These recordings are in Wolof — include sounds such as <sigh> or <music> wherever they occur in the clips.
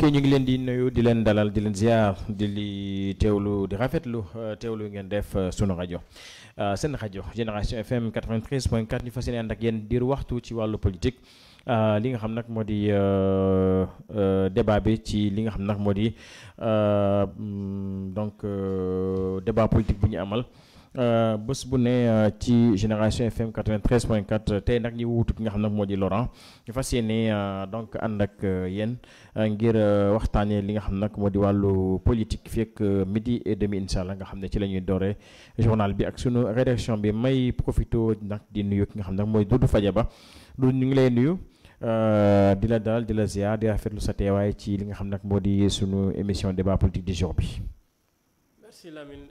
mbokk ñu ngi leen di nuyu di leen dalal di leen ziar di li teewlu di rafetlu euh, teewlu ngeen def euh, sunu rajo euh, seen xajo Génération FM 93 point 4 ñu fas yéene ak yéen diir waxtu ci wàllu politique li nga xam nag moo di débat bi ci li nga xam nag moo di mm, donc débat politique bu ñu amal. Euh, bës bu ne euh, ci génération FM 93.4 tey nak ñu wuutu nga xam nag Laurent ñu fas euh, donc andak ak yéen ngir waxtaanee li nga xam nag moo politique fii midi et demi inshallah nga xam ne ci lañuy doré journal bi ak sunu rédaction bi may profito nak di nuyu nga xam nag mooy Doudou Fadia Ba du ñu ngi lay nuyu. di la dal di la ziar di rafetlu sa teewaay ci li nga xam nag moo sunu émission débat politique du jour bi. merci Lamine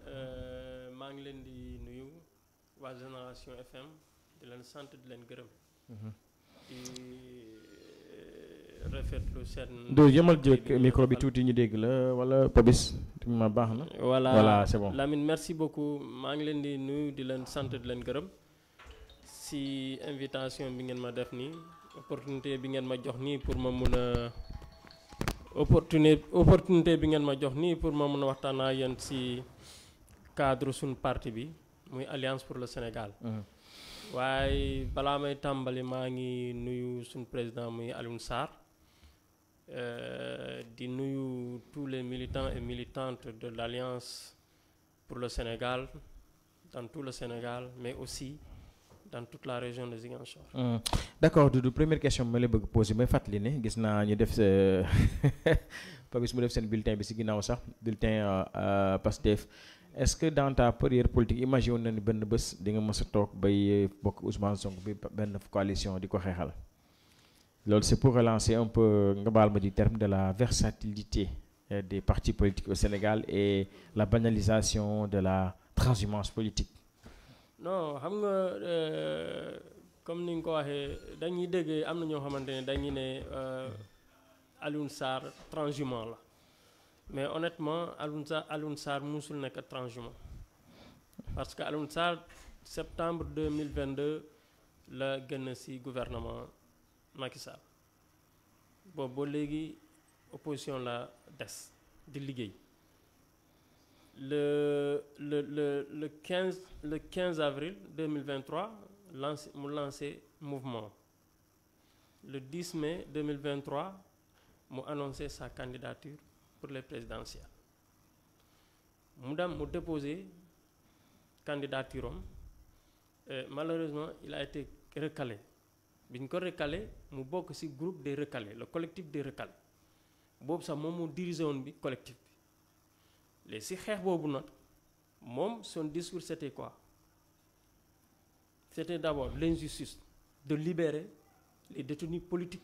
waa Génération FM di leen sant di leen gërëm. Mhm. di eh, rafetlu seen. do yemal jëkk micro bi tuuti ñu dégg la wala Pabis ma baax na. voilà c'est bon Lamine merci beaucoup maa ngi leen di nuyu di leen sant di leen gërëm si invitation bi ngeen ma def nii opportunité bi ngeen ma jox nii pour ma mun a. opportunité opportunité bi ngeen ma jox nii pour ma mën a waxtaan yéen cadre suñu parti bi muy alliance pour le Sénégal. waaye balaa may tàmbali maa ngi nuyu suñu président muy Alioune Sarr euh, di nuyu tous les militants et militantes de l'alliance pour le Sénégal dans tout le Sénégal mais aussi dans toute la région de Ziguinchor. d'accord Doudou première question mais ma la bëgg poser may fàttali ne gis naa ñu def Pabis <laughs> mu def seen bulletin bi ci ginnaaw sax bulletin que euh, euh, est-ce que dans ta carrière politique imagine woon na vous benn bés di nga de a Ousmane Sonko coalition di ko c'est pour relancer un peu le terme de la versatilité euh, des partis politiques au Sénégal et la banalisation de la transhumance politique. non euh, comme nous nga ko waxee dañuy dégg nous na ñoo xamante ne euh, Alioune mais honnêtement Alioune Sar n'est n'est parce que septembre 2022 le gouvernement Macky Sall opposition la le le 15 le 15 avril 2023 lancé a lancé mouvement le 10 mai 2023 a annoncé sa candidature pour les présidentielles Moudam a déposé candidature euh, malheureusement il a été recalé Il a été recalé mu bokk ci groupe de recalés le collectif de recalés Il sax a mu dirigé collectif bi léegi ci son discours c'était quoi c'était d'abord l'injustice de libérer les détenus politiques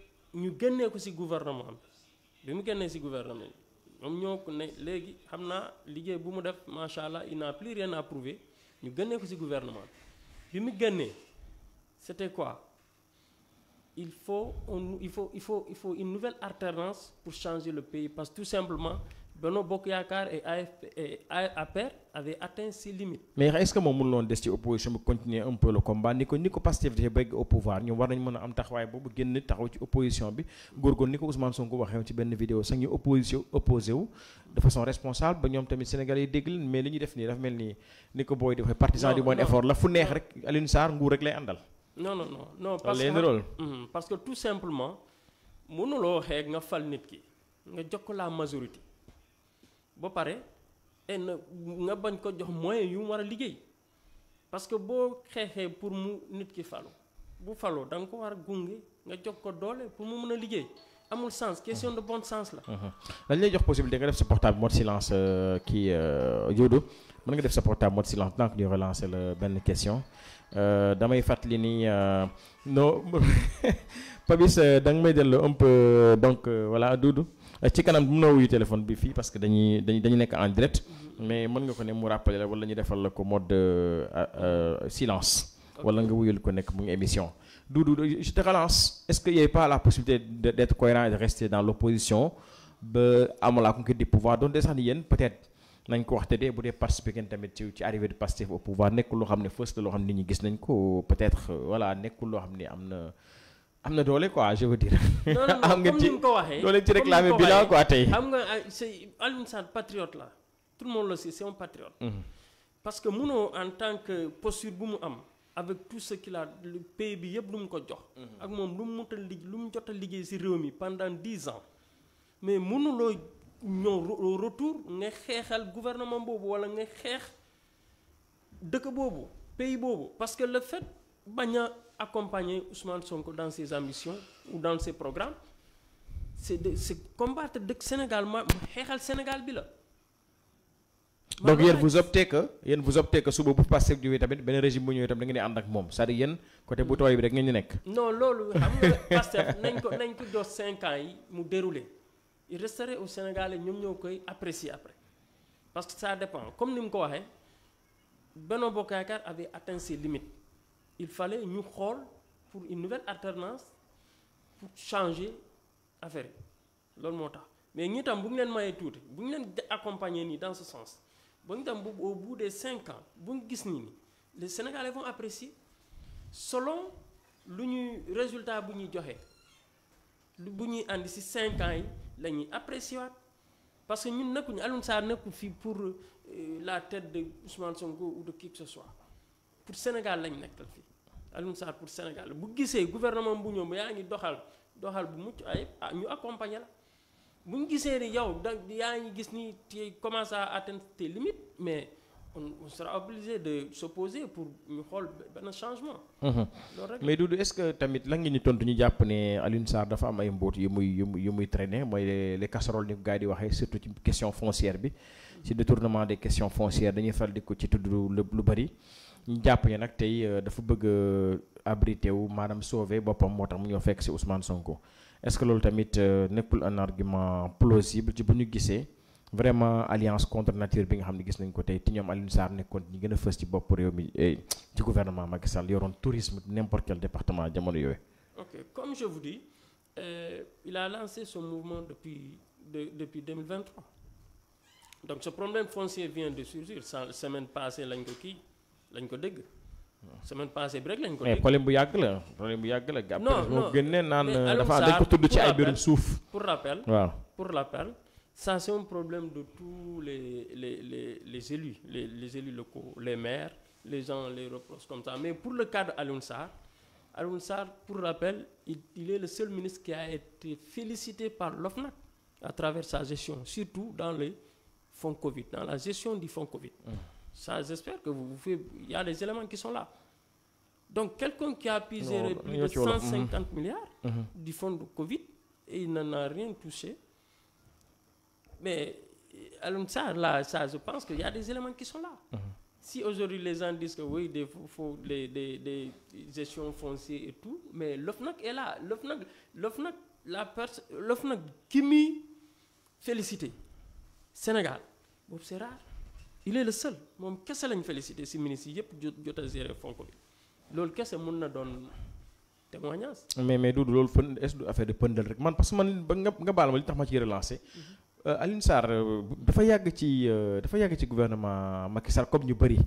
ñu génnee ko ci gouvernement Nous bi mu génnee gouvernement bi moom ñoo ko ne léegi def il n'a plus rien à prouver ñu génnee ko ci gouvernement bi bi c'était quoi il faut il faut il faut il faut une nouvelle alternance pour changer le pays parce que tout simplement Beno Bokk Yaakaar et AFP et APR avaient atteint ses limites. mais est-ce que mon mënul woon ci opposition continuer un peu le combat ni ko Pastef de bëgg au pouvoir ñoom war nañ mën a am taxawaay boobu génn taxaw ci opposition bi góorgóorlu ni ko Ousmane Sonko waxee ci une vidéo C'est une opposition opposé wu de façon responsable ba ñoom tamit Sénégalais yi mais li ñuy def nii dafa mel ni ni ko booy partisan du bon effort la fu neex rek Alioune Sarr nguur rek lay àndal. non non non non parce que mm-hmm. parce que tout simplement mënuloo xeeg nga fal nit ki nga jox la majorité ba pare et eh, na nga bañ ko jox moyen yu mu war parce que boo xeexee pour mu nit ki falu bu faloo da ko war a gunge nga jox ko pour mu mën a amul sens question de bon sens la. Mhm. dañ lay jox possibilité nga def sa portable mode silence euh, kii yodo. Euh, mën nga def sa portable mode silence tant que ñu relancer la benn question euh, damay fàttali ni non <laughs> Pabis da nga may dellu un peu donc voilà Doudou ci kanam mënoo wuy téléphone bi fi parce que dañuy dañuy dañu nekk en direct mais mën nga ko né mu rappeler la wala ñu défal la ko mode euh, euh, silence wala nga wuyul ko nek mu ngi émission Doudou euh, je te relance est-ce qu'il n'y a pas la possibilité d'être cohérent et de rester dans l'opposition ba la conquête du pouvoir donc des années peut-être nañ ko wax té dé bu dee participer ngeen tamit ci ci arrivée de passer au pouvoir nek loo xamné ne fës xamné nit ñi gis nañ ko peut-être voilà nek loo xamné amna am na doole quoi je veux dire. <laughs> am nga ci doole ci réclamer bilan quoi tey. veux nga ah, c'est patriote là. tout le monde le sait c'est un patriote. Mhm. parce que munoo en tant que posture bu avec tout ce qu'il a le pays bi yëpp lu ko jox. ak lu pendant dix ans mais munuloo ñëw retour nga xeexal gouvernement boobu wala nga pays boobu parce que le fait bañ accompagner Ousmane Sonko dans ses ambitions ou dans ses programmes c'est combattre de Sénégal ma le Sénégal bi donc vous optez que vous optez que suba vous passez régime bu est tamit da ngeen di c'est-à-dire que vous bu vous bi rek ngeen non c'est xam Parce vous nañ ko nañ ko 5 ans vous mu il resterait au Sénégal et nous, koy apprécier après parce que ça dépend comme nous le ko Benoît Bokakar avait atteint ses limites il fallait ñu xool pour une nouvelle alternance pour changer l'affaire. mais nous tam tous les leen dans ce sens au bout de 5 ans les Sénégalais vont apprécier selon le résultat que nous avons bu ans lañuy la parce que ñun ne alun sa pour euh, la tête de Ousmane Sonko ou de qui que ce soit pour Sénégal lañ nekkal faire. Alioune Sarr pour Sénégal bu gisee gouvernement bu ñoom yaa ngi doxal doxal bu mucc ayib ah ñu accompagner la bu ñu gisee ni yow da yaa ngi gis ni tu commence à atteindre tes limites mais on sera obligé de s'opposer pour ñu xool benn changement. Mhm. loolu mais Doudou est-ce que tamit la ngeen ñu tontu ñu jàpp ne Alioune Sarr dafa am ay mbóot yu muy yu muy yu traîner mooy les casseroles ni ko gars di waxee surtout ci question foncière bi. ci mm. détournement des questions foncières dañuy faral di ko ci tudd lu bari ñu jàpp nak tay euh, dafa bëgg euh, abriter abrité wu maanaam sauvé boppam moo mu ñëw fekk ci Ousmane Sonko est-ce que lolu tamit euh, nekkul un argument plausible ci bu ñu vraiment alliance contre nature bi nga xam ne gis nañ ko tey te ñoom Alioune Sarr nekkoon ñi gën a fës ci bopp réew mi eh, ci gouvernement Macky Sall yoroon tourisme n'importe quel département jamono yooyu. ok comme je vous dis euh, il a lancé ce mouvement depuis de, depuis 2023 donc ce problème foncier vient de surgir La semaine passée lañ ko kii problème pour rappel pour rappel. ça c'est un problème de tous les les les élus les élus locaux les maires les gens les reprochent comme ça mais pour le cas d'Aloun Sar, Sarr pour rappel il, est le seul ministre qui a été félicité par l'OFNAC à travers sa gestion surtout dans les fonds Covid dans la gestion du fonds Covid. Hum. Ça, j'espère que vous, vous faites. Il y a des éléments qui sont là. Donc, quelqu'un qui a pu plus de 150 mhm. milliards mhm. du fonds de Covid et il n'en a rien touché. Mais alors ça, là, ça, je pense qu'il y a des éléments qui sont là. Mhm. Si aujourd'hui les gens disent que oui, des, faut, des, des, gestions foncières et tout, mais l'OFNAC est là. L'OFNAC, la personne, qui m'y félicité, Sénégal, c'est rare il est le seul moom kese lañ féliciter si ministre yépp jot gérer fonk bi loolu kese mën na doon témoignage. mais mais Doudou lolou fën est du affaire de pëndal rek man parce que man nga nga baal ma li tax ma ci ciy relancé. Mhm. Euh, Alioune Sarr euh, dafa yag ci euh, dafa yag ci gouvernement Macky Sall comme ñu bari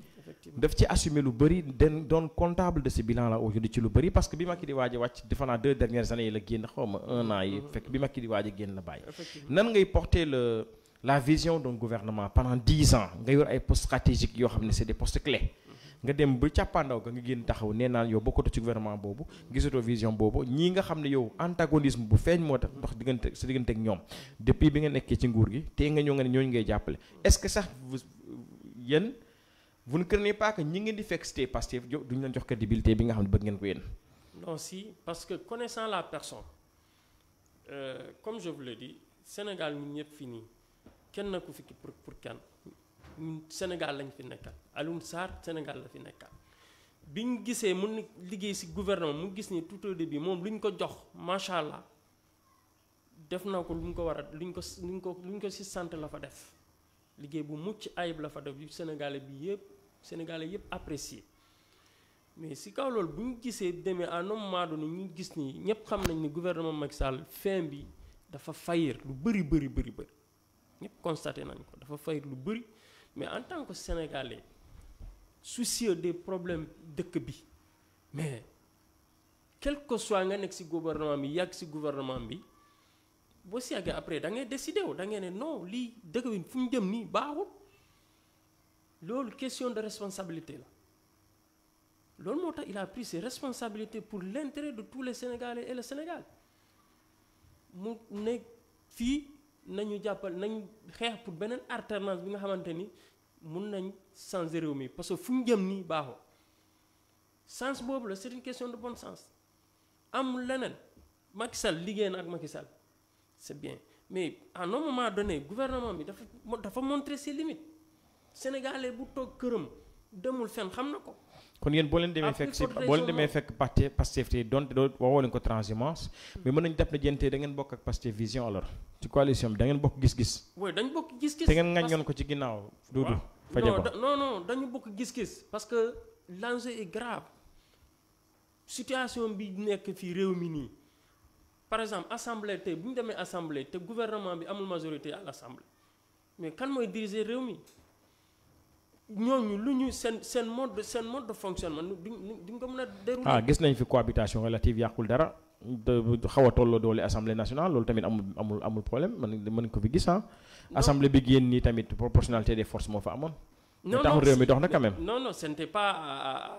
daf ci assumer lu bari den doon comptable de ce bilan là aujourd'hui ci lu bari parce que bi Macky di waji wacc wàcc defe deux dernières années la genn xawma un an yi. Mhm. fekk bi Macky di waji genn la bàyyi. nan ngay porter le la vision d'un gouvernement pendant 10 ans nga yor des postes stratégiques c'est des postes clés Il y a beaucoup ga nga taxaw gouvernement vision antagonisme depuis que vous êtes ci est-ce que ça vous ne craignez pas que ñi di parce duñu crédibilité non si parce que connaissant la personne euh, comme je vous l'ai dit Sénégal n'est fini. kenn ku fi pour pour kenn Sénégal lañ fi nekkal Alioune Sarr Sénégal la fi bi ñu gisee mun na liggéey si gouvernement mu gis ni tout au début moom lu ñu ko jox macha allah def na ko lu ko war a lu ko lu ko lu ko ci sant la fa def liggéey bu mucc ayib la fa def yu Sénégalais bi yëpp Sénégalais yëpp apprécié mais ci kaw loolu bu ñu gisee demee à un moment donné ñu gis nii ñëpp xam nañ ni gouvernement Macky Sall fin bi dafa fayir lu bëri bari bëri bëri. ñëpp constaté nañ ko dafa fay lu bëri mais en tant que sénégalais soucieux des problèmes dëkk bi mais quel que soit nga nekk si gouvernement bi yàgg si gouvernement bi boo si yàggee après da ngay décidé wu da ngay ne non lii dëkk bi fu ñu jëm nii baaxul question de responsabilité la loolu moo il a pris ses responsabilités pour l'intérêt de tous les sénégalais et le Sénégal mu ne fii. nañu jàppale nañu xeex pour beneen alternance bi nga xamante ni mun nañ changer réew mi parce que fu ñu jëm nii baaxoo sens boobu la c'est une question de bon sens amul leneen Macky Sall liggéey na ak Macky Sall bien mais à un moment donné gouvernement bi dafa dafa montrer si limites sénégalais bu toog këram demul fenn xam na ko. kon yéen boo leen demee fekk si boo leen demee fekk parti Pastef te donte do waxoo leen ko transhumance mais meun nañ def na jenté da ngeen bok ak Pastef vision alors ci coalition bi da ngeen bok gis-gis. oui dañ bok gis-gis. da ngeen ŋaññoon ko ci ginnaaw. doudou fa ko non non dañu bok gis-gis. parce que l'enjeu est grave situation bi nek fi réew mi par exemple assemblée tey buñ démé assemblée te gouvernement bi amul majorité à l'assemblée mais kan moy diriger réew mi nous avons un mode de fonctionnement Nous ñu ko dérouler. ah gis nañ fi cohabitation relative koul dara xaw a assemblée nationale loolu tamit amul amul problème mën mën ko fi gis ah. assemblée bi proportionnalité des forces moo fa amoon. non non quand même. non non ce n'était pas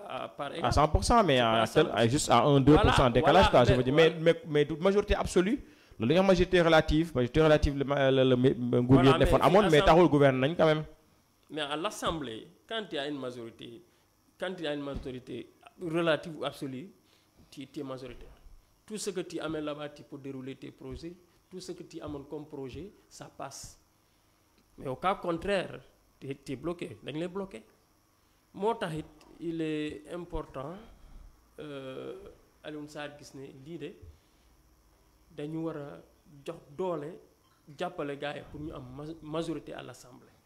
à à par 100 mais à juste à 1 2 pour décalage quoi je veux dire mais mais mais majorité absolue. la majorité relative majorité relative le gouvernement, est nguur yi mais taxul gouvernement, nañ quand même. Mais à l'Assemblée, quand il y a une majorité, quand il y a une majorité relative ou absolue, tu, es majoritaire. Tout ce que tu amènes là-bas, tu peux dérouler tes projets. Tout ce que tu amènes comme projet, ça passe. Mais au cas contraire, tu es, bloqué. Donc, est bloqué. Motahit, il est important, euh, Saad, qui est le leader, de dañu war a jox gars pour une am majorité à l'Assemblée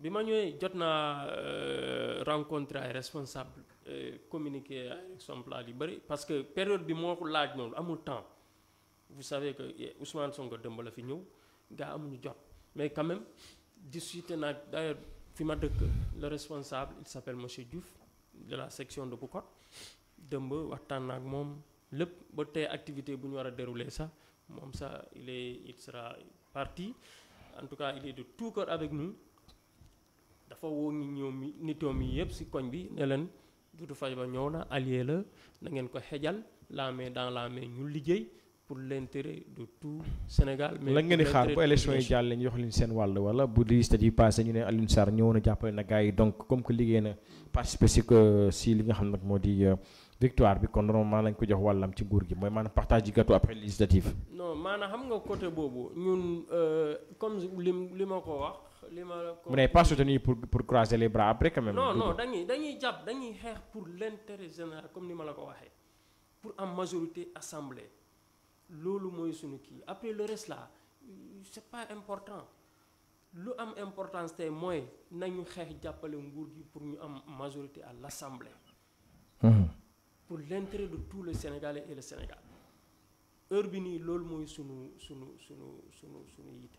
bi ma ñëwee jot naa euh, rencontre ay responsable euh, communiquer ay exemplaires yu bëri parce que période bi moo ko laaj noonu amul temps vous savez que eh, Ousmane Sonko dëmb la fi ñëw gaa amuñu jot mais quand même discuté naa d'ailleurs fi ma dëkk le responsable il s'appelle monsieur Diouf de la section de Bukot dëmb waxtaan naa ak moom lépp ba tey activité bu ñu war a dérouler ça moom sax il est il sera parti en tout cas il est de tout cœur avec nous dafa woo ñi ñoom nitoom yi yëpp si koñ bi ne leen Doudou Faye ba ñëw na allié la na ko xejal la main dans la main ñu liggéey pour l'intérêt de tout Sénégal. mais lan ngeen di xaar bu élection yi jàll ñu jox leen seen wàll wala bu législative yi ñu ne Alioune Sarr ñëw jàppale na gars yi donc comme que liggéey na participer si li nga xam nag moo di euh, victoire bi kon normalement lañ ko jox wàllam ci nguur gi mooy maanaam partage du vous n'avez pas soutenu pour, pour croiser les bras après quand même. Non, non, dañuy dañuy jàpp dañuy xex pour l'intérêt général comme ni ma la pour am majorité assemblée lolu moy suñu ki après le reste là c'est pas important lu am importance tay moy nañu xex jàppale nguur gi pour ñu am majorité à l'assemblée. Hmm. pour l'intérêt de tout le Sénégalais et le Sénégal heure bi ni lolu moy sunu sunu sunu sunu sunu yitte.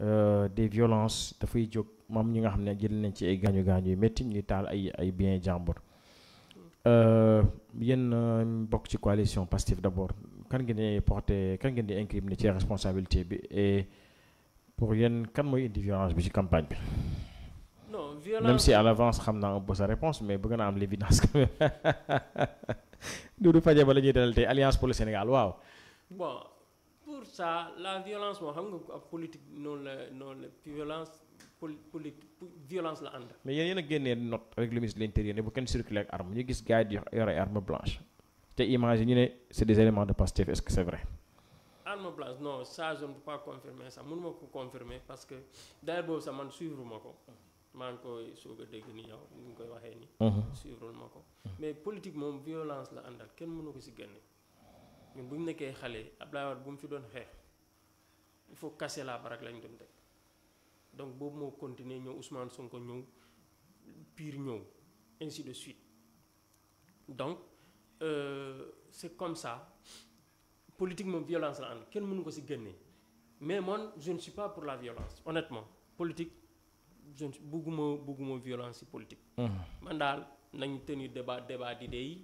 Euh, des violences dafay jóg moom ñi nga xamne ne jël nañ ci ay gañu gañu yu métti ñuy taal ay ay bien euh yéen euh, bok ci coalition Pastef d'abord kan ngeen di porter kan ngeen di incriminer ci responsabilité bi et pour yéen kan moy indi violence bi ci campagne bi. non violence même si à l'avance xam naa un sa réponse mais bëgg na am l'évidence quand même <laughs> Doudou Fadjaba la ñuy dalal tey alliance pour le Sénégal waaw. bon ça, la violence, moi, politique, non, non, violence, politique, violence la ànd. mais y a génnee note avec le ministre de l'intérieur ne bu circuler armes arme ñu gis gars yi arme blanche te image c'est des éléments de Pastef est-ce que c'est vrai. arme blanche non ça je ne peux pas confirmer ça peux pas confirmer parce que d'abord ça man suivre ma suivi maa quoi le ni yow ni mhm. suivre ma mais politiquement violence la àndal kenn mënu ko si génne ñun bu nekké xalé xale Abdoulaye Wade bu fi doon xé il faut casser la baraque lañ doon donc boobu mo continuer ñëw Ousmane Sonko ñëw Pire ñëw ainsi de suite donc euh, c'est comme ça politique moom violence la ànd kenn mënu ko ci gënné mais moi je ne suis pas pour la violence honnêtement politique je ne bugguma bugguma violence politique. Mmh. man dal nañ tenir débat débat d'idées yi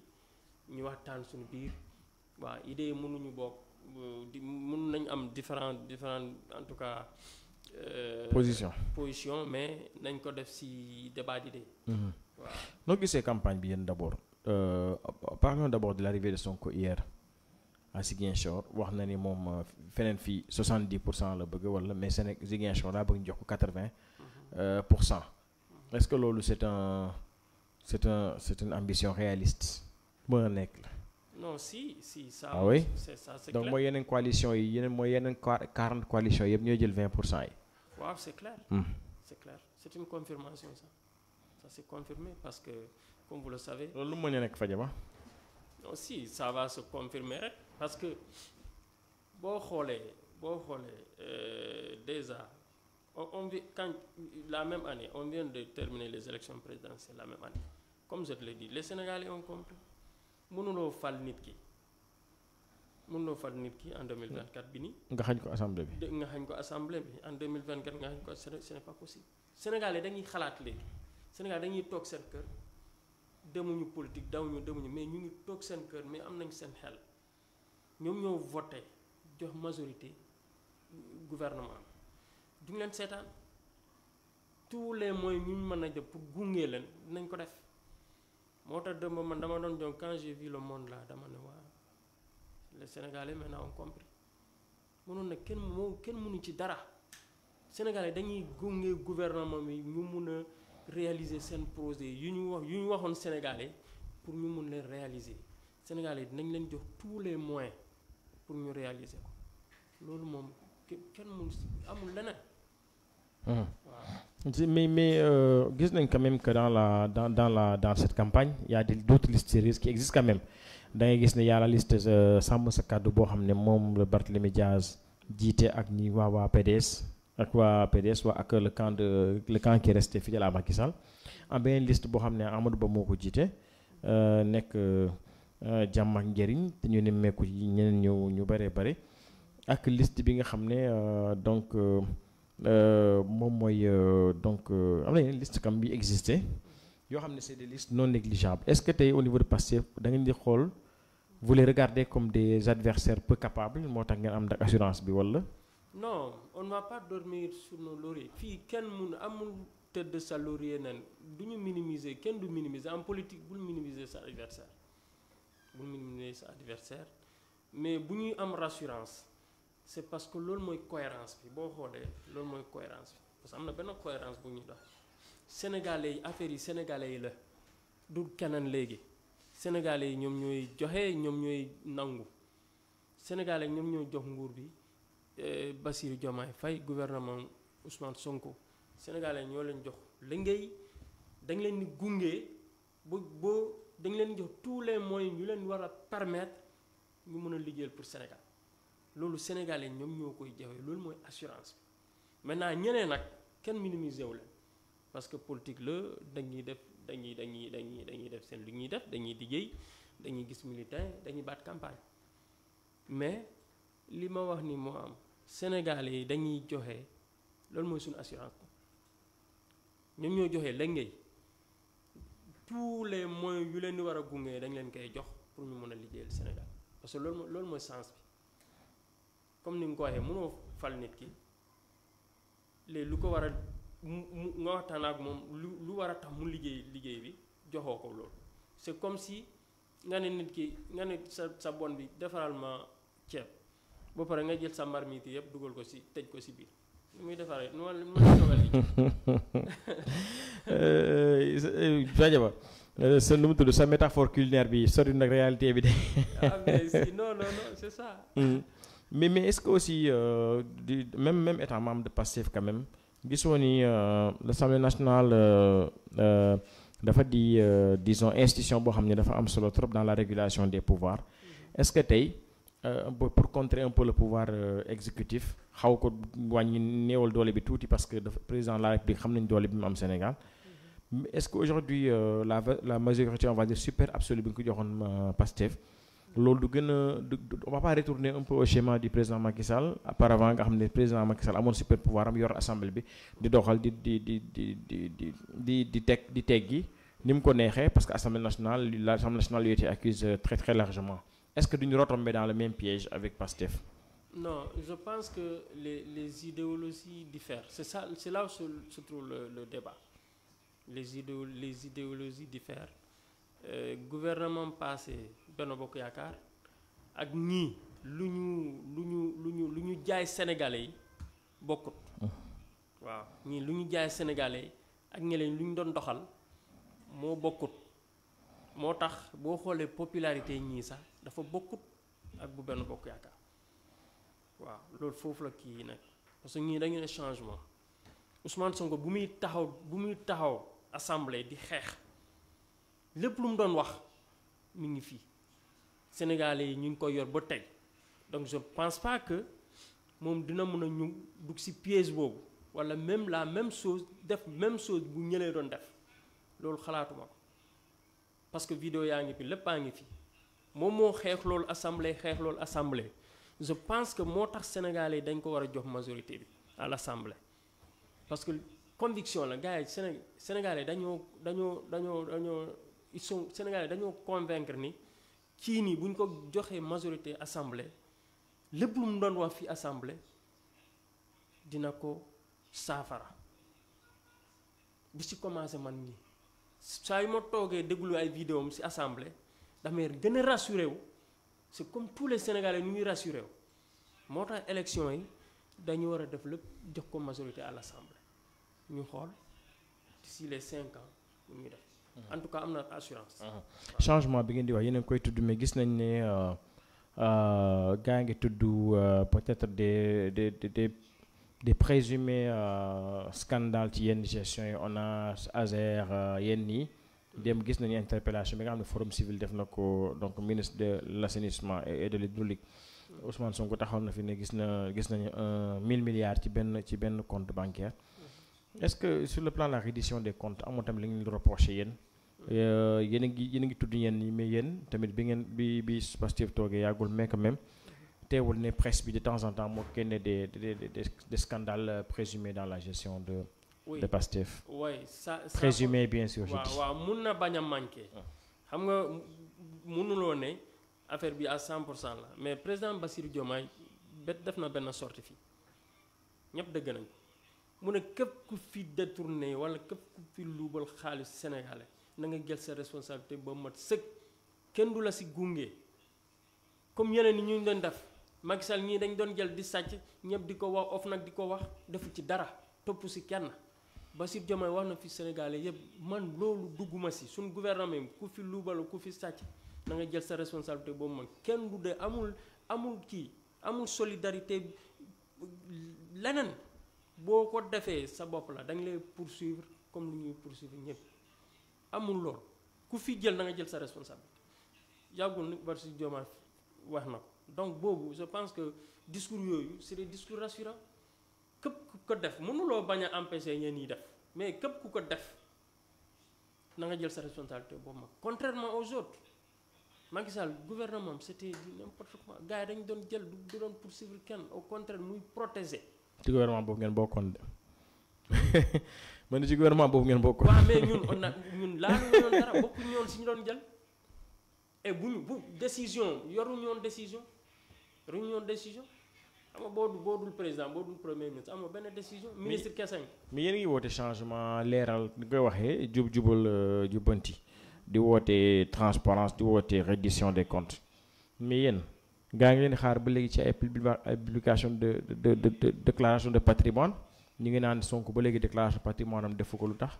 ñu waxtaan suñu biir waaw idée mënuñu bokk di mën nañ am différent différent en tout cas. Euh, position position mais nañ ko def ci débat d'idée. Mhm. waaw noo gisee campagne bi yéen d'abord euh, parlons d'abord de l'arrivée de Sonko hier à Ziguinchor wax na ni moom euh, feneen fii 70 pour cent la bëgg wala mais Séné Ziguinchor laa bëgg ñu jox ko 80 mhm. euh, pour cent est-ce que loolu c'est un c'est un c'est une ambition réaliste mën a nekk la non si si ça. ah oui c'est ça c'est donc mooy coalition il y a une quarante coalition il y jël vingt pour cent Wow, c'est clair. Hmm. c'est clair c'est une confirmation ça ça c'est confirmé parce que comme vous le savez. que vous non si ça va se confirmer parce que boo xoolee boo euh, déjà on on quand la même année on vient de terminer les élections présidentielles la même année comme je te l'ai dit les Sénégalais ont compris. mënuloo fal nit ki mënuloo fal nit ki en 2024 bi nii. nga xañ ko assemblée bi. nga xañ ko assemblée bi en 2024 nga xañ ko ce n'est pas possible. Sénégalais dañuy xalaat léegi Sénégal dañuy toog seen kër demuñu politique dawuñu demuñu mais ñu ngi toog seen kër mais am nañ seen xel ñoom ñoo vote jox majorité gouvernement duñ leen seetaan tous les moyens ñu mën a jël pour gunge leen nañ ko def. moo tax dëmb man dama doon jom quand j'ai vu le monde là dama ne waa le Sénégalais maintenant ont compris mënoon na kenn moo kenn mënu ci dara Sénégalais dañuy gunge gouvernement bi ñu mun a réaliser seen projet yu ñu wax yu ñu waxoon Sénégalais pour ñu mun réaliser Sénégalais dinañ leen jox tous les moyens pour ñu réaliser ko loolu moom kenn mënu amul leneen. Hum. waaw. Mais, mais euh, quand même que dans, la, dans, dans, la, dans cette campagne, il y a d'autres listes sérieuses qui existent quand même. dans ngay y a la liste de euh, sa kàddu boo xam ne moom la Diaz jiite ak ñi PDS ak PDS ou ak le camp de le camp qui restait fidèle à Macky Sall am liste boham xam ne Amadou Ba moo ko jiite euh, nekk euh, jàmm ak njëriñ te ñu ne mekku ñeneen ñu ñu bare bëri ak liste bi nga donc euh, moom mooy euh, donc euh, am liste kam bi c'est des listes non négligeables est-ce que au niveau de passé, vous les regardez comme des adversaires peu capables moi, tax ngeen assurance bi non on ne va pas dormir sur nos lauriers. Fi, kenn mun amul tête de sa laurier nan du minimiser ken du minimiser en politique vous minimiser sa adversaire Vous minimiser sa adversaire mais bu am rassurance. C'est parce que l'homme une cohérence bi cohérence parce que a na benn cohérence Les affaires sénégalais affaire sénégalais Les sénégalais les les nangou sénégalais ñoom ñooy jox bi eh, gouvernement Ousmane Sonko sénégalais dañ leen tous les moyens ñu permettre pour Sénégal lolu sénégalais ñom ñokoy assurance maintenant minimiser parce que politique la dañuy def dañuy dañuy dañuy dañuy def dañuy dañuy militant dañuy campagne mais li ma wax ni mo am sénégalais dañuy joxe lolu assurance ñom tous les moyens yu leen pour ñu Sénégal parce que c'est lolu sens comme ni nga ko waxee mënoo fal nit ki léegi lu ko war a mu nga waxtaan ak moom lu lu war a tax mu liggéey liggéey bi joxoo ko loolu c'est comme si nga ne nit ki nga ne sa bon bi defaral ma ceeb ba pare nga jël sa mbar marmite yëpp dugal ko si tëj ko si biir lu muy defaree nu ma nu ma lu mu tudd sa métaphore culinaire bi sori nag réalité bi de. ah si non non non c'est ça. <laughs> Hmm. mais mais est-ce que aussi euh, même même étant membre de Pastef quand même euh, l'Assemblée nationale euh, euh, dafa di disons institution qui ont fait dafa am solo trop dans la régulation des pouvoirs est-ce que euh, pour contrer un peu le pouvoir exécutif xaw ko wagné doole bi parce que le président de la République xamnañ nañ doole bi am Sénégal est-ce qu'aujourd'hui, la la majorité on va dire super absolue bi ko joxoon Pastef on ne va pas retourner un peu au schéma du président Macky Sall auparavant nga président Macky Sall un super pouvoir am yor assemblée bi di doxal di di di di parce que assemblée nationale l'assemblée nationale lui était accuse euh, très très largement est-ce que nous retomber dans le même piège avec PASTEF Non, je pense que les, idéologies diffèrent. C'est ça, c'est là où se, trouve le, débat. les idéologies diffèrent. Euh, gouvernement passé benn Bokk Yaakaar ak ñii lu ñu lu ñu lu ñu lu ñu jaay sénégalais yi bokkut mm-hmm. waaw ñii lu ñu jaay sénégalais yi ak ñeneen lu ñu doon doxal moo bokkut moo tax boo xoolee popularité ñii sax dafa bokkut ak bu benn Bokk Yaakaar waaw loolu foofu la kii nag parce que ñii dañu ne changement Ousmane Sonko bu muy taxaw bu muy taxaw assemblée di xeex lepp lu mu doon wax mi ngi fii sénégalais yi ñu ngi yor ba tey donc je pense pas que moom dina mën a ñu dugg ci piège boobu wala même la même chose def même chose bu ñëlee doon def loolu xalaatuma ko parce que vidéo yaa ngi fi lépp a ngi fi moom moo xeex loolu assemblée xeex loolu assemblée je pense que moo tax sénégalais dañ ko war a jox majorité bi à l'assemblée parce que conviction la gars yi Sénégalais dañoo dañoo dañoo dañoo ils sont sénégalais dañoo convaincre ni kii nii bu ñu ko joxee majorité assemblée lépp lu mu doon wax fi assemblée dina ko saafara bi ci commencé man ni saa yu ma toogee déglu ay vidéo am ci assemblée damay gën a rassuré c'est comme tous les sénégalais ñu ngi rassuré wu moo tax élection yi dañu war a def lépp jox ko majorité à l'assemblée ñu xool d'ici les 5 ans ñu def en tout cas amna assurance. Mhm. changement bi ngeen di wax y a koy tudd mais gis nañ ne euh, euh, gaa ngi tudd euh, peut-être des des des des présumés scandales ci yenn gestion yi a azer yenn ni dem gis nañu interpellation bi nga xam ne forum civil def na ko donc ministre de l'assainissement et de l'hydraulique Ousmane Sonko taxaw na fi ne gis na gis nañu mille milliards ci benn ci benn compte bancaire mhm. est-ce que sur le plan la reddition des comptes amoo tam li ngeen reproché euh, yéen a ngi yéen a ngi tudd ñenn ñi mais yéen tamit bi ngeen bi bi Pastef toogee yàggul mais quand même teewul ne presse bi de temps en temps moo kenn des des des scandales présumés dans la gestion de. de Pastef. oui ça ça présumé bien sûr. waaw waaw mun na bañ a manqué. Ah. xam nga mënuloo ne affaire bi à 100 pour cent la mais président Bassirou Diomaye bet def na benn sortie fii ñëpp de nañ ko mu ne képp ku fi détourné wala képp ku fi luubal xaalis sénégalais. na nga jël sa responsabilité ba mat sëg kenn du la si gunge comme yeneen ni ñu doon def Macky Sall ñii dañ doon jël di sàcc ñëpp di ko wax of nag di ko wax defu ci dara topp si kenn Bassirou Diomaye wax na fi Sénégalais yëpp man loolu dugguma si suñ gouvernement bi ku fi luubalu ku fi sàcc na nga jël sa responsabilité boobu mag kenn du dee amul amul kii amul solidarité leneen boo ko defee sa bopp la dañ lay poursuivre comme lu ñuy poursuivre ñëpp amul lor ku fi jël na nga jël sa responsabilité yagul ni bar ci Diomaye wax na donc boobu je pense que discours yoyu c'est des discours rassurants kep ku ko def mënuloo bañ a empêcher ñen yi def mais kep ku ko def na nga jël sa responsabilité bo mag contrairement aux autres Macky Sall gouvernement c'était du n'importe quoi gars dañ dañu doon jël du doon poursuivre kenn au contraire muy protéger. ci gouvernement boobu ngeen bokkoon de. <laughs> ma ci gouvernement boobu ngeen bokk. waaw mais ñun on a ñun ñu yoon dara bokkuñu yoon si ñu doon jël et eh, bu bu décision yoruñu yoon décision yoruñu yoon décision xam nga boo boo dul président boo dul premier ministre xam na benn décision. ministre Kessane. mais yéen ngi woote changement leeral ni koy waxee jub jubal euh, jubanti di woote transparence di woote reddition des comptes mais yéen. gaa ngi leen xaar ba léegi ci ay publication de de de déclaration de patrimoine ñu ngi naan Sonko ba léegi déclaration patrimoine maanaam defu ko lu tax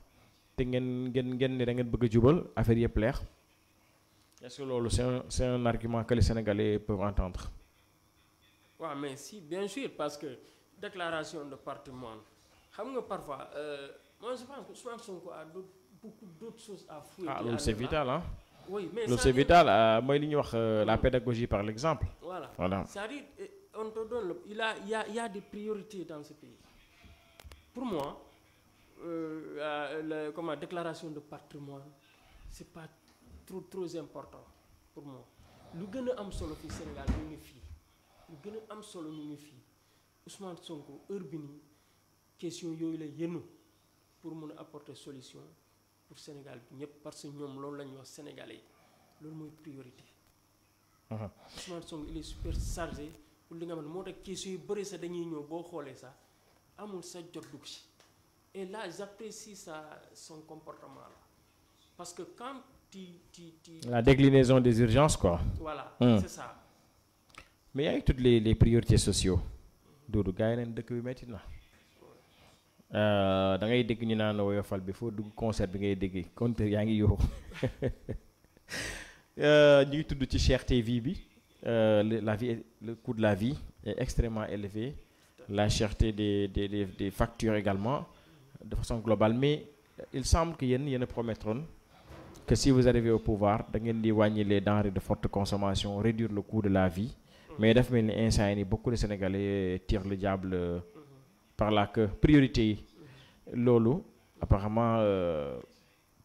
te ngeen ngeen ngeen ni da ngeen bëgg a jubal affaire yëpp leex est-ce que loolu c'est un un argument que les Sénégalais peuvent entendre. waaw mais si bien sûr parce que déclaration de patrimoine xam nga parfois euh, moi je pense que Ousmane Sonko a d'autres beaucoup d'autres choses à fouiller. ah loolu c'est vital ah. oui mais loolu c'est vital euh, mooy li ñuy wax euh, la pédagogie par exemple. voilà voilà c'est-à-dire on te donne il a il y a il y a des priorités dans ce pays pour moi, euh, la, déclaration de patrimoine, ce n'est pas trop, trop important pour moi. lu qui am solo Sénégal nous lu am solo Ousmane question pour apporter solution pour Sénégal parce que nous sommes sénégalais c'est priorité. Ousmane Sonko il est super chargé pour et là j'apprécie son comportement parce que quand la déclinaison des urgences quoi. voilà hmm. c'est ça. mais il y les les priorités sociaux. gars bi na. Euh, da ngay ñu woyofal bi concert bi ngay ngi <laughs> euh, euh, la vie le coût de la vie est extrêmement élevé la cherté des, factures également, de façon globale. Mais il semble qu'il y yen, une promettront que si vous arrivez au pouvoir, vous allez les denrées de forte consommation, réduire le coût de la vie. Mais a beaucoup de Sénégalais tirent le diable euh, par la queue. Priorité, lolo, apparemment... Euh,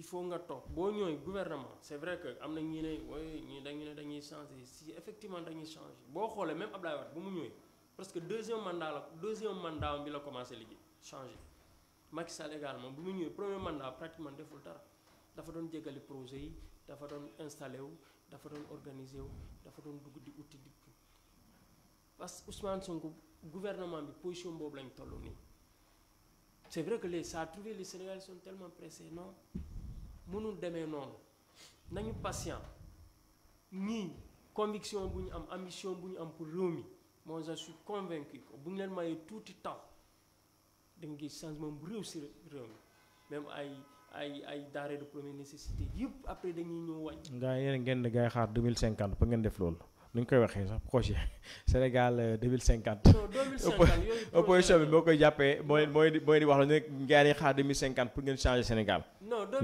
il faut nga top bo ñoy gouvernement C'est vrai que amna ñi ne oui ñi dañu ne dañuy changer si effectivement dañuy changer bo xolé même Abdoulaye Wade bu mu parce que deuxième mandat la deuxième mandat bi la commencé liggé changer Macky Sall également bu mu ñëwee premier mandat pratiquement deful tara dafa doon jégali projet yi dafa doon installé wu dafa doon organisé wu dafa doon dugg di uti di parce que Ousmane Sonko gouvernement bi position boobu lañ toll ni C'est vrai que les ça a trouvé les Sénégalais sont tellement pressés non mënul demee noonu nañu patient ñii conviction bu ñu am ambition bu ñu am pour réew mi moi je suis convaincu que bu ñu leen mayee tuuti temps da nga gis changement bu réew si réew mi même ay ay ay denrées de première nécessité yëpp après dañuy ñëw wàññi. ngaa yéen ngeen di gaay xaar 2050 pour ngeen def loolu nu ñu koy waxee sax projet <laughs> Sénégal 2050. Euh, non 2050 yooyu opposition bi moo koy jàppee mooy mooy di mooy di wax la ne ngeen di xaar 2050 pour ngeen changer Sénégal.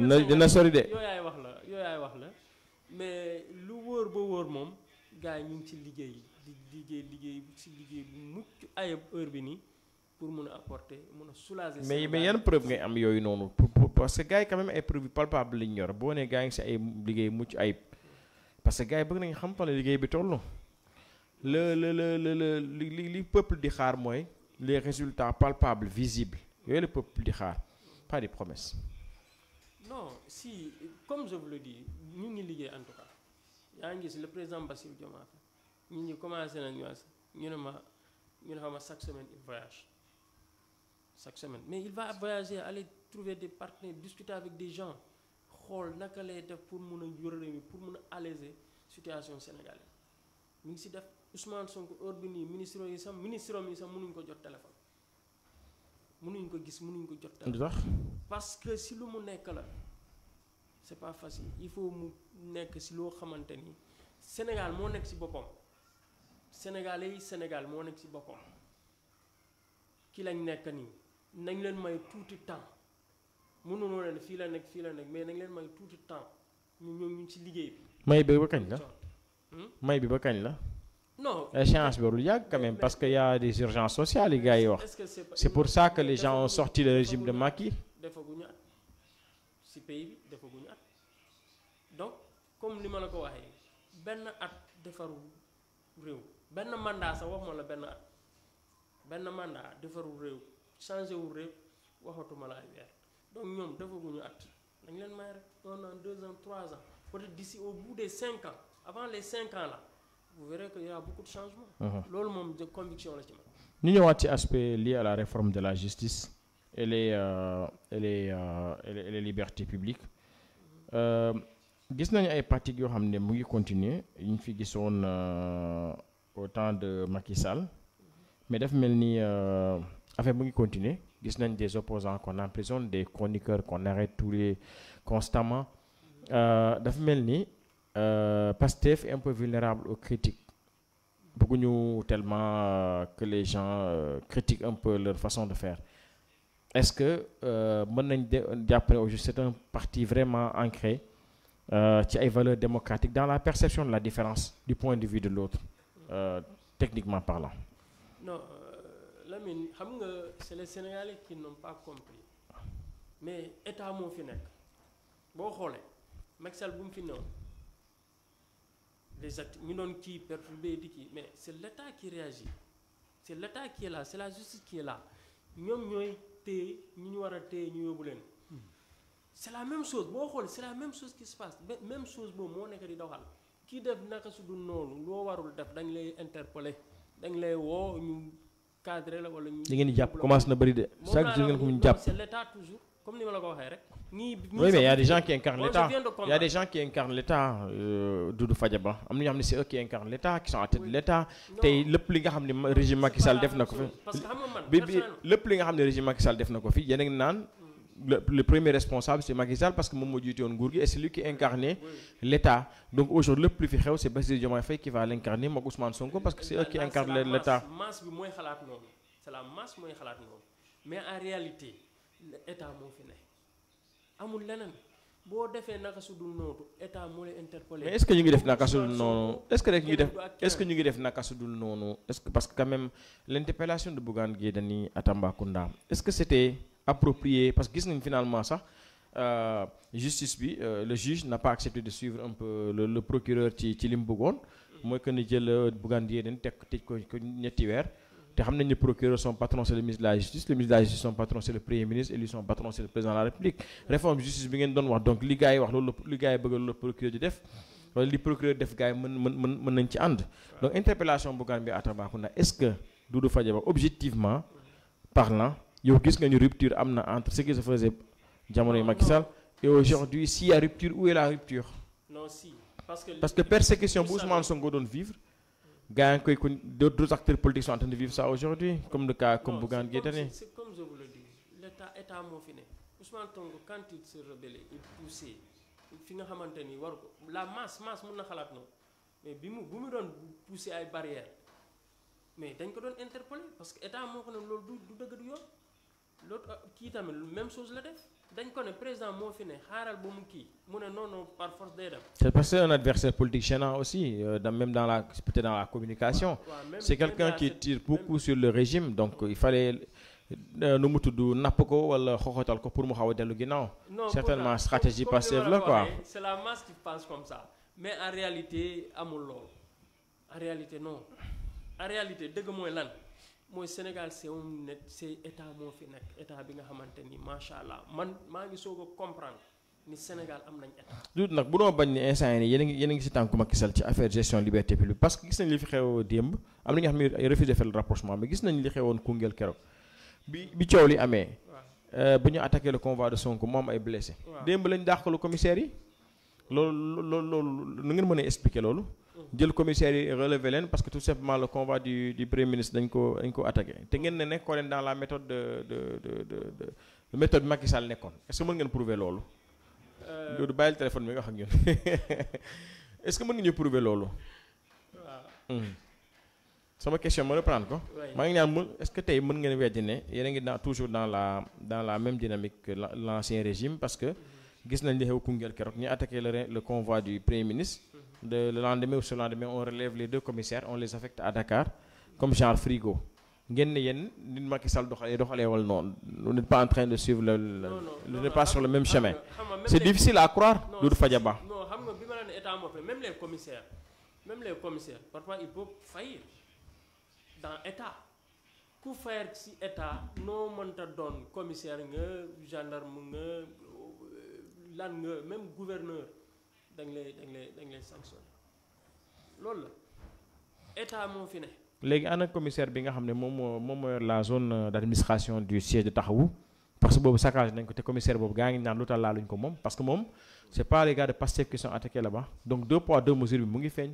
non dina sori de. yooyaay wax la yooyaay wax la mais lu wóor ba wóor moom gars yi ñu ngi ci liggéey di liggéey liggéey ci liggéey bu mucc ayib heure bi nii pour mun a apporter mun a soulager. mais mais yan preuve ngay am yooyu noonu pour parce que gars yi quand même ay preuve palpable la ñor yor boo nee gaa ngi si ay liggéey mucc ayib parce que gars yi bëgg nañ xam fan la liggéey bi toll. le le le le li li peuple di xaar mooy les résultats palpables visibles yooyu le peuple di xaar pas des promesses. non si comme je vous le dis ñu ngi liggéey en tout cas yaa ngi le président Bassir Diomaye ñu ngi commencé nañu ñu ne ma ñu ne ma chaque semaine il voyage chaque semaine mais il va voyager aller trouver des partenaires discuter avec des gens pour a mi situation sénégalaise def Ousmane Sonko yi yi ko jot téléphone ko gis ko jot téléphone parce que si lu mu nekk la c'est pas facile il faut mu nekk si loo Sénégal moo nekk si boppam Sénégal moo nekk si boppam ki lañ nekk nii nañ leen temps mënoonoo leen fii la nekk fii la nekk mais nañ leen may le temps ñu ñoom ñu ci liggéey bi. may bi ba kañ la. Hmm? may bi ba kañ la. non échéance bi lu yàgg quand même parce que y a des urgences sociales yi gars yi wax. c'est pour ça que les gens ont sorti le régime de Macky. defaguñu at si pays bi defaguñu at donc comme ni ma la ko waxee benn at defaru réew benn mandat sa wax ma la benn at benn mandat defaru réew changé wul réew waxatuma la weer donc nous, defaguñu at dañ leen may un an deux ans trois ans peut-être d'ici au bout des cinq ans avant les cinq ans là vous verrez qu'il y aura beaucoup de changements. C'est uh-huh. ce de conviction la ci man. ñu ci aspect lié à la réforme de la justice et les euh, et les euh, et les, et les libertés publiques euh, gis nañu ay pratiques qui xam ne mu ngi continuer Une ñu fi est euh, au temps de Macky Sall mm-hmm. mais daf mel ni euh, affaire mu ngi continuer des opposants qu'on emprisonne des chroniqueurs qu'on arrête tous les constamment euh, D'après euh, Pastef est un peu vulnérable aux critiques nous tellement euh, que les gens critiquent un peu leur façon de faire est-ce que maintenant aujourd'hui c'est un parti vraiment ancré qui a des valeurs démocratiques dans la perception de la différence du point de vue de l'autre techniquement parlant non c'est les Sénégalais qui n'ont pas compris mais l'état mon fi les mais c'est l'état qui réagit c'est l'état qui est là c'est la justice qui est là nous sommes c'est la même chose c'est la même chose qui se passe même chose pour moo qui interpellé cadré la wala ñu. di ngeen japp commence na bari de chaque jour ngeen ko mun japp c'est l'état toujours comme ni ma la ko waxee rek. ñii oui mais y a des gens qui incarnent l'état Il y a des gens qui incarnent l'état euh, Doudou Fadiaba am na ñoo c'est eux qui incarnent l'état qui sont à tête de l'état tey lépp li nga xam régime Macky Sall def na ko fi. parce que li nga xam régime Macky Sall def na fi yéen a ngi naan le, premier responsable, c'est Macky Sall parce que Momo Diotion Gourgui et c'est lui qui incarnait oui. l'État. Donc aujourd'hui, le plus fier, c'est Basile Diomaye Faye qui va l'incarner, Macky Ousmane Sonko, parce que c'est eux qui incarnent l'État. C'est la masse moins xalaat non. mais en réalité l'état est fi Il amul leneen l'État defee naka su dul noonu lay interpellé. mais est ce que ñu ngi def naka est ce que rek est ce que ñu ngi def est ce que parce que quand même l'interpellation de Bougane Gueye à à Kunda, est ce que c'était approprié parce que sont finalement sax euh, justice bi euh, le juge n'a pas accepté de suivre un peu le, procureur ci ci lim mu bëggoon mooy que ne jël euh, Bougane Gueye tek teg ko ñetti weer té xam nañ procureur son patron c'est le ministre de la justice le ministre de la justice son patron c'est le premier ministre et lui son patron c'est le président de la république réforme justice bi ngeen doon wax donc li gars wax lolu li le procureur di def wala li procureur def gars yi mën mën mën nañ ci and donc interpellation Bougane bi à Tambacounda est-ce que Doudou Fadja Ba objectivement parlant yow gis nga ni rupture amna entre ce qui se faisait jamono Macky Sall et aujourd'hui s'il y a rupture où est la rupture. non si parce que. parce que persécution bu Ousmane Sonko doon vivre. gars y koy d'autres acteurs politiques sont en train de vivre ça aujourd'hui comme le cas comme Bougane c'est comme je vous le dis l'état état mo fi Ousmane quand il se rebelle il poussait fi nga xamanteni war ko la masse masse mun na xalaat mais bimu mu bu mu pousser ay barrières mais dañ ko interpeller parce que état moo ko ne loolu du deug du l'autre euh, kii tamit même chose la def dañ ko ne président mo fi ne xaaral ba mu ki mu ne non non par force day dem. c'est parce que un adversaire politique gênant aussi euh, dans, même dans la peut-être dans la communication. Ouais, c'est quelqu'un qui tire beaucoup sur le régime donc il fallait. Euh, nous mu tudd napp ko wala xoxotal ko pour mu xaw delu dellu certainement stratégie passive la quoi. c'est la masse qui pense comme ça mais en réalité amul lool en réalité non en réalité deug moy lan mooy Sénégal c'est un net c' état mo fi nekk état bi nga xamanteni ni macha allah man maa ngi soog comprendre ni Sénégal am nañ état. duut nak bu doon bañ ne instant yii nii yéen a ngi yéen a ngi si Macky Sall ci affaire gestion liberté publique parce que gis nañ li fi xew demb am nañ ñoo xam ne refusé faire le rapprochement mais gis nañ li xewoon Koungheul kero bi bi coow li euh ba ñu attaqué le convoi de Sonko moom ay blessé. demb lañ dàqalu commissaire yi. loolu loolu loolu nu ngeen mën expliquer loolu jël commissaire yi relevé leen parce que tout simplement le convoi du du premier ministre dañ ko dañ ko attaqué te ngeen ne nekkoo leen dans la méthode de de de de de méthode Macky Sall nekkoon est-ce que mën ngeen prouver loolu. Euh, loolu le téléphone bi nga xam ñun <laughs> est-ce que mën nga ñu prouver loolu. Hmm. sama question ma reprendre ko. maa ngi naan mu est-ce que tey mën ngeen weddi ne yéen a ngi dans toujours dans la dans la même dynamique que l'ancien régime parce que mhm. gis nañ li xew Koungheul keroog ñu attaqué le le convoi du premier ministre le, lendemain ou ce lendemain on relève les deux commissaires on les affecte à Dakar comme genre frigo ngeen ne pas en train de suivre le le pas sur le même chemin. c'est difficile à croire. nous non même les commissaires même les commissaires parfois ils peuvent faillir dans l'état ku faire si état noo mënta donne commissaire nga gendarme nga euh, lan même gouverneur dañ lay dañ lay dañ la léegi ana commissaire bi nga xam yor la zone euh, d'administration du siège de Taxawu parce que boobu saccage nañ ko te commissaire boobu gaa ngi naan lu tax laaluñ ko parce que moom c' pas les gars de Pasteur qui sont attaqués là-bas donc deux poids deux mesures bi mu ngi feeñ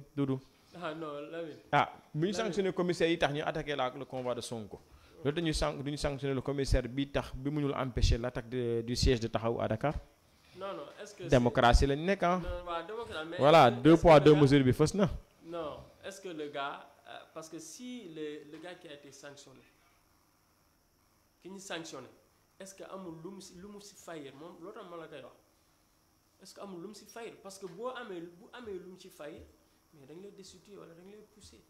ah non Lamine. ah bu ñu commissaire yi tax ñu attaqué la le convoi de Sonko. loolu dañuy san sanctionné le commissaire bi tax bi mu empêché du siège de Taxawu à Dakar non non est-ce que démocratie le nek hein voilà deux poids deux mesures bi fës na. non est-ce que le gars euh, parce que si le le gars qui a été sanctionné qui été sanctionné est-ce que amul lum mu si lu mu est-ce que amul lum ci si parce que il amé bu amé lum ci si mais dañ lay destituer wala pousser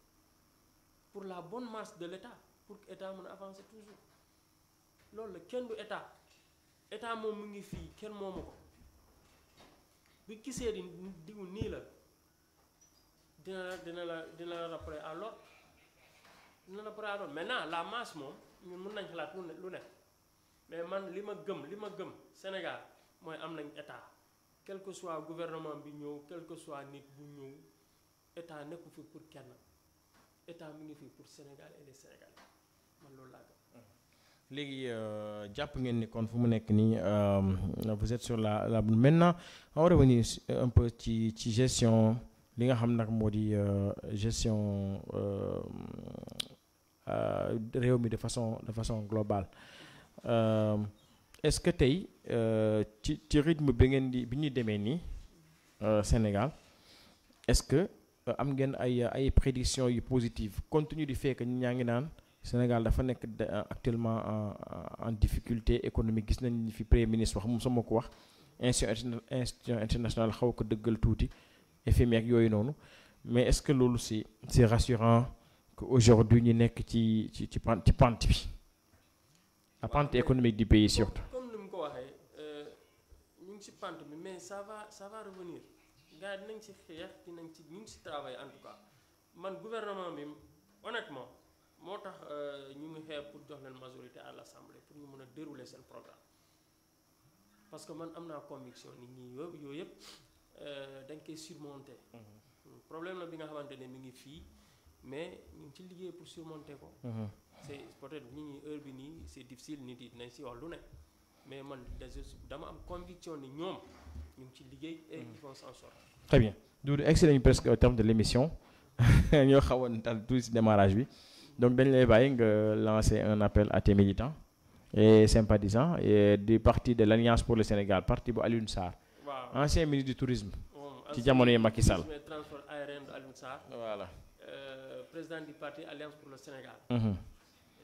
pour la bonne marche de l'État pour que l'État avance toujours loolu la kenn du État État mom mu ngi bi gisee di diw nii la dina la dina la dina la rappeler à l'ordre dina la rappeler à l'ordre maintenant la masse moom ñun mun nañ xalaat lu ne lu ne mais man li ma gëm li ma gëm Sénégal mooy am nañ état quel que soit gouvernement bi ñëw quel que soit nit bu ñëw état nekku fi pour kenn état mi ngi fi pour Sénégal et les Sénégalais man loolu laa léegi euh, jàpp ngeen ni kon euh, vous êtes sur la la maintenant on revenir un peu ci ci gestion li nga xam nak modi di euh, gestion euh mi de façon de façon globale est-ce que euh ci ci rythme bi ngeen di biñu démé ni euh Sénégal est-ce que am ngeen ay ay prédictions yu positives compte tenu du fait que ñi ngi naan. Sénégal dafa nek euh, actuellement en en difficulté économique gis nañ fi premier ministre wax mom sama ko wax institution international, internationale xaw ko dëggal tuuti FMI ak yooyu mais est-ce que lolu c'est rassurant que aujourd'hui ñu nek ci ci ci pente bi la pente économique du pays surtout. comme nous le waxé euh ñu ngi ci pente mais ça va ça va revenir gars nañ ci xeex dinañ ci ñu ci travail en tout cas man gouvernement bi honnêtement motax euh, ñu ngi xeex pour jox leen majorité à l'assemblée pour ñu mëna dérouler seen programme parce que man am naa conviction nit ñi yooyu yooyu yëpp euh, dañ koy surmonter. Mhm. problème la bi nga xamante ne mi ngi fii mais ñu ci liggéey pour surmonter ko. Mhm. c'est peut-être nit ñi heure bi nii c'est difficile nit yi dinañ si wax lu ne mais man dama am conviction ni ñoom ñu ci liggéey et mhm. ils vont s'en sortir. très bien Doudou excellent presque au terme de l'émission <laughs> ñoo xawoon tout si démarrage bi. Donc Ben Lebaïng euh, lançait un appel à tes militants et sympathisants et du parti de l'Alliance pour le Sénégal, parti de Alun Sar, ancien ministre du Tourisme, qui est Macky Sall. Voilà. Euh, président du parti Alliance pour le Sénégal. Je -hmm.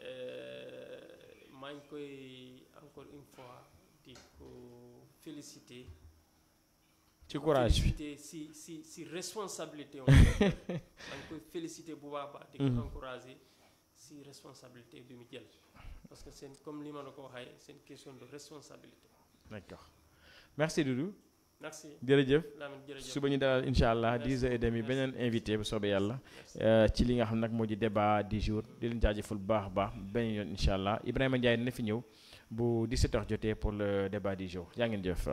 Euh, encore une fois, di féliciter. ci courage si responsabilité. Je veux <laughs> féliciter Bouba baax a mhm. encourager si responsabilité du mu parce que c'est comme li ma la c'est une question de responsabilité. d'accord merci Doudou. merci jërëjëf suba ñu dalal incha 10 et demi benen invité bu yalla euh ci li nga xam nak moo débat du jour di len jaajëfal bu bax a baax beneen yoon Ibrahima Ndiaye na fi ñew bu 17 h joté pour le débat du jour ya ngeen jëf.